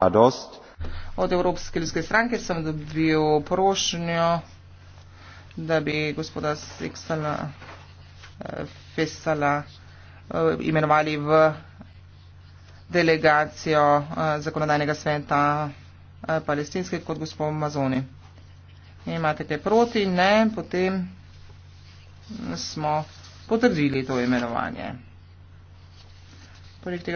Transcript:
Dost. Od Evropske ljudske stranke sem dobil prošnjo, da bi gospoda Seksala eh, Fesala eh, imenovali v delegacijo eh, zakonodajnega sveta palestinske kot gospod Mazoni. Imate te proti? Ne. Potem smo potrdili to imenovanje.